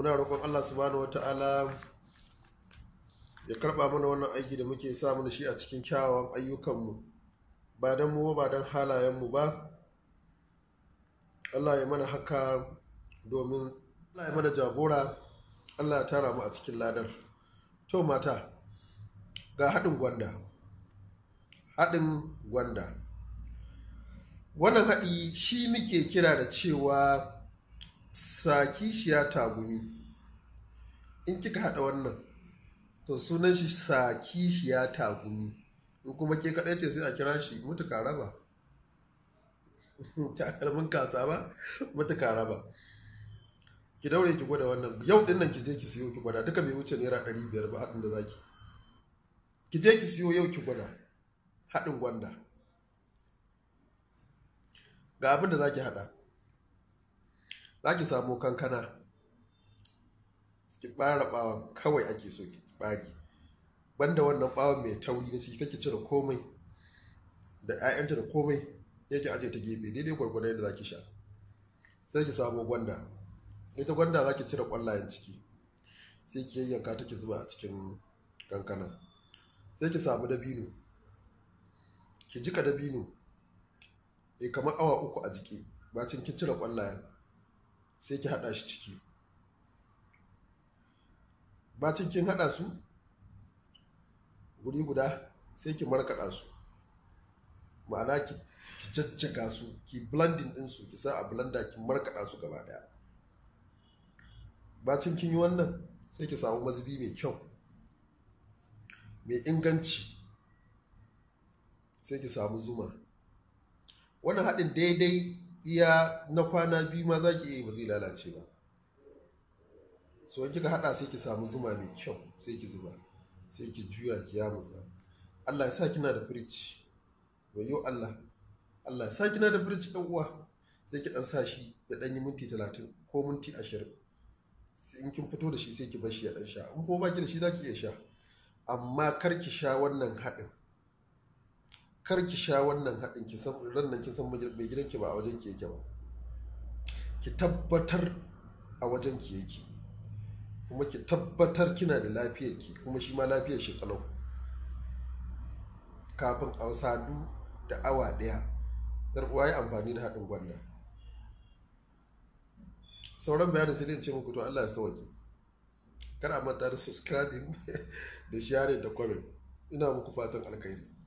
muna roƙon Allah subhanahu wata'ala ya karɓa mana wannan aiki da muke sa mana shi a cikin kyawawan ayyukanmu ba don mu ba don halayenmu ba Allah ya mana haka domin Allah ya mana jagora Allah ya tara mu a cikin ladar to mata ga haɗin gwanda haɗin gwanda wannan haɗi shi muke kira da cewa sa kishiya tagumi in kika haɗa wannan to sunan shi sa kishiya tagumi in kuma ke kaɗai ce sai a kira shi mutuka raba takalmin kasa ba mutuka raba ki daure ki gwada wannan yau din nan ki je ki siyo ki gwada duka bai wuce naira ɗari biyar ba haɗin da zaki ki je ki siyo yau ki gwada haɗin gwanda ga abin da zaki haɗa za ki samu kankana ki ɓara ɓawon kawai ake so ki ɓari banda wannan ɓawon mai tauri na ciki kake cire komai da 'ya'yanta da komai yake aje ta gefe daidai gwargwadon yadda za ki sha sai ki samu gwanda ita gwanda za ki cire ƙwallayen ciki sai ki yayyanka ta ki zuba a cikin kankana sai ki samu dabino ki jika dabino e kamar awa uku a jiki bacin kin cire ƙwallayen sai ki haɗa shi ciki bacin kin haɗa su guri guda sai ki markaɗa su ma'ana ki jajjaga su ki blending din su ki sa a blender ki markaɗa su gaba ɗaya bacin kin yi wannan sai ki samu mazubi mai kyau mai inganci sai ki samu zuma wannan haɗin daidai iya na kwana biyu ma za ki iya ba zai lalace ba so wani kika hada sai ki samu zuma mai kyau sai ki zuba sai ki juya ki yamutsa Allah ya sa kina da firici wayo Allah Allah ya sa kina da firici ɗan uwa sai ki dan sa shi ya dan yi minti talatin ko minti ashirin in kin fito da shi sai ki bar shi ya dan sha in ko baki da shi za ki iya sha amma kar ki sha wannan haɗin kar ki sha wannan haɗin ki san rannan ki san mai ki ba a wajen ki yake ba ki tabbatar a wajen ki yake kuma ki tabbatar kina da lafiyar ki kuma shi ma lafiyar shi kalau kafin a sadu da awa ɗaya garkuwa ya amfani da haɗin gwanda sauran bayanin sai dai ce muku to Allah ya sauke kar a manta da subscribing da share da comment ina muku fatan alkhairi